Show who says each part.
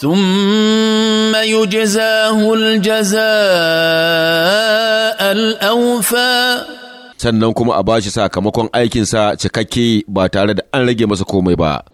Speaker 1: ثم يجزاه الجزاء
Speaker 2: الأوفى
Speaker 3: sannan kuma a bashi sakamakon aikinsa cikakke ba tare da an rage masa komai ba.